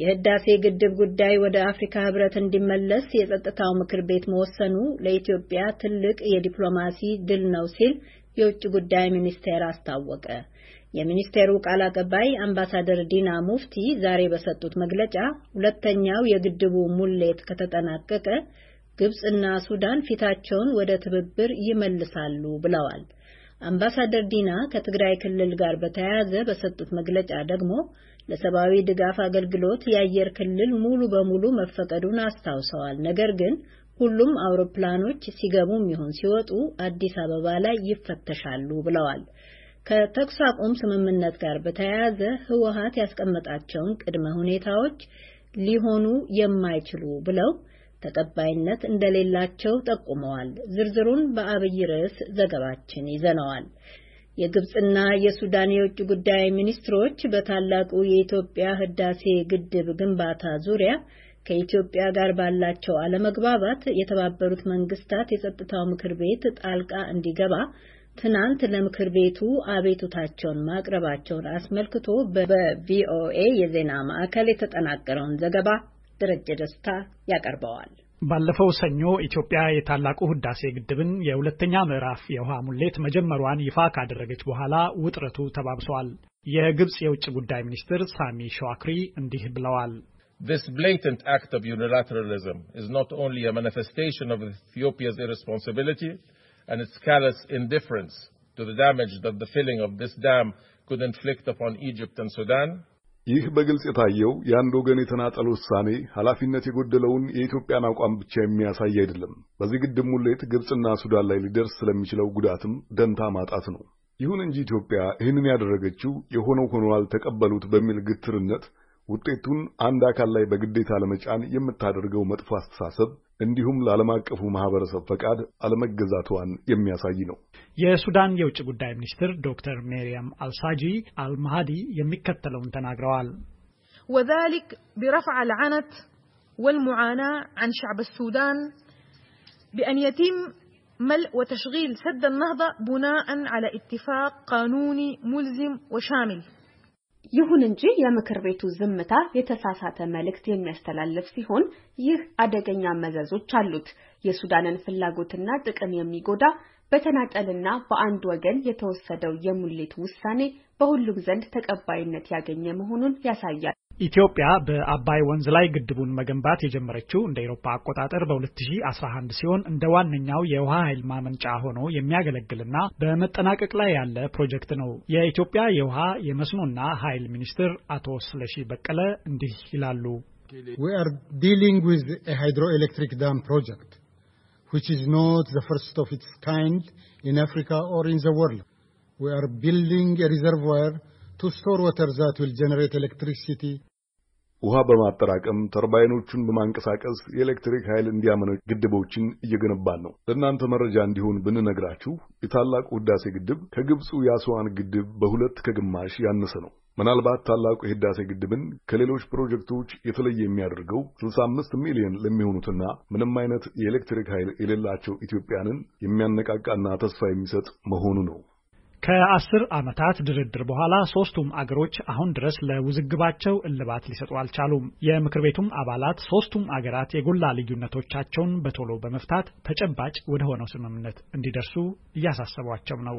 የህዳሴ ግድብ ጉዳይ ወደ አፍሪካ ህብረት እንዲመለስ የጸጥታው ምክር ቤት መወሰኑ ለኢትዮጵያ ትልቅ የዲፕሎማሲ ድል ነው ሲል የውጭ ጉዳይ ሚኒስቴር አስታወቀ። የሚኒስቴሩ ቃል አቀባይ አምባሳደር ዲና ሙፍቲ ዛሬ በሰጡት መግለጫ ሁለተኛው የግድቡ ሙሌት ከተጠናቀቀ ግብፅና ሱዳን ፊታቸውን ወደ ትብብር ይመልሳሉ ብለዋል። አምባሳደር ዲና ከትግራይ ክልል ጋር በተያያዘ በሰጡት መግለጫ ደግሞ ለሰብአዊ ድጋፍ አገልግሎት የአየር ክልል ሙሉ በሙሉ መፈቀዱን አስታውሰዋል። ነገር ግን ሁሉም አውሮፕላኖች ሲገቡም ይሁን ሲወጡ አዲስ አበባ ላይ ይፈተሻሉ ብለዋል። ከተኩስ አቁም ስምምነት ጋር በተያያዘ ህወሀት ያስቀመጣቸውን ቅድመ ሁኔታዎች ሊሆኑ የማይችሉ ብለው ተቀባይነት እንደሌላቸው ጠቁመዋል። ዝርዝሩን በአብይ ርዕስ ዘገባችን ይዘነዋል። የግብጽና የሱዳን የውጭ ጉዳይ ሚኒስትሮች በታላቁ የኢትዮጵያ ህዳሴ ግድብ ግንባታ ዙሪያ ከኢትዮጵያ ጋር ባላቸው አለመግባባት የተባበሩት መንግስታት የጸጥታው ምክር ቤት ጣልቃ እንዲገባ ትናንት ለምክር ቤቱ አቤቱታቸውን ማቅረባቸውን አስመልክቶ በቪኦኤ የዜና ማዕከል የተጠናቀረውን ዘገባ ደረጀ ደስታ ያቀርበዋል። ባለፈው ሰኞ ኢትዮጵያ የታላቁ ህዳሴ ግድብን የሁለተኛ ምዕራፍ የውሃ ሙሌት መጀመሯን ይፋ ካደረገች በኋላ ውጥረቱ ተባብሷል። የግብፅ የውጭ ጉዳይ ሚኒስትር ሳሚ ሸዋክሪ እንዲህ ብለዋል። This blatant act of unilateralism is not only a manifestation of Ethiopia's irresponsibility and its callous indifference to the damage that the filling of this dam could inflict upon Egypt and Sudan, ይህ በግልጽ የታየው የአንድ ወገን የተናጠል ውሳኔ ኃላፊነት የጎደለውን የኢትዮጵያን አቋም ብቻ የሚያሳይ አይደለም። በዚህ ግድብ ሙሌት ግብፅና ሱዳን ላይ ሊደርስ ስለሚችለው ጉዳትም ደንታ ማጣት ነው። ይሁን እንጂ ኢትዮጵያ ይህንን ያደረገችው የሆነው ሆኖ አልተቀበሉት በሚል ግትርነት ውጤቱን አንድ አካል ላይ በግዴታ ለመጫን የምታደርገው መጥፎ አስተሳሰብ እንዲሁም ለዓለም አቀፉ ማህበረሰብ ፈቃድ አለመገዛቷን የሚያሳይ ነው። የሱዳን የውጭ ጉዳይ ሚኒስትር ዶክተር ሜሪያም አልሳጂ አልማሃዲ የሚከተለውን ተናግረዋል። وذلك برفع العنت والمعاناة عن شعب السودان بأن يتم ملء وتشغيل سد النهضة بناء على اتفاق قانوني ملزم وشامل ይሁን እንጂ የምክር ቤቱ ዝምታ የተሳሳተ መልእክት የሚያስተላልፍ ሲሆን ይህ አደገኛ መዘዞች አሉት። የሱዳንን ፍላጎትና ጥቅም የሚጎዳ በተናጠልና በአንድ ወገን የተወሰደው የሙሌት ውሳኔ በሁሉም ዘንድ ተቀባይነት ያገኘ መሆኑን ያሳያል። ኢትዮጵያ በአባይ ወንዝ ላይ ግድቡን መገንባት የጀመረችው እንደ ኤሮፓ አቆጣጠር በ2011 ሲሆን እንደ ዋነኛው የውሃ ኃይል ማመንጫ ሆኖ የሚያገለግልና በመጠናቀቅ ላይ ያለ ፕሮጀክት ነው። የኢትዮጵያ የውሃ የመስኖና ኃይል ሚኒስትር አቶ ስለሺ በቀለ እንዲህ ይላሉ። We are dealing with a hydroelectric dam project which is not the first of its kind in Africa or in the world. We are building a reservoir to store water that will generate electricity ውሃ በማጠራቀም ተርባይኖቹን በማንቀሳቀስ የኤሌክትሪክ ኃይል እንዲያመነጭ ግድቦችን እየገነባን ነው። ለእናንተ መረጃ እንዲሆን ብንነግራችሁ የታላቁ ህዳሴ ግድብ ከግብፁ የአስዋን ግድብ በሁለት ከግማሽ ያነሰ ነው። ምናልባት ታላቁ የህዳሴ ግድብን ከሌሎች ፕሮጀክቶች የተለየ የሚያደርገው 65 ሚሊዮን ለሚሆኑትና ምንም አይነት የኤሌክትሪክ ኃይል የሌላቸው ኢትዮጵያንን የሚያነቃቃና ተስፋ የሚሰጥ መሆኑ ነው። ከአስር ዓመታት ድርድር በኋላ ሶስቱም አገሮች አሁን ድረስ ለውዝግባቸው እልባት ሊሰጡ አልቻሉም። የምክር ቤቱም አባላት ሶስቱም አገራት የጎላ ልዩነቶቻቸውን በቶሎ በመፍታት ተጨባጭ ወደ ሆነው ስምምነት እንዲደርሱ እያሳሰቧቸው ነው።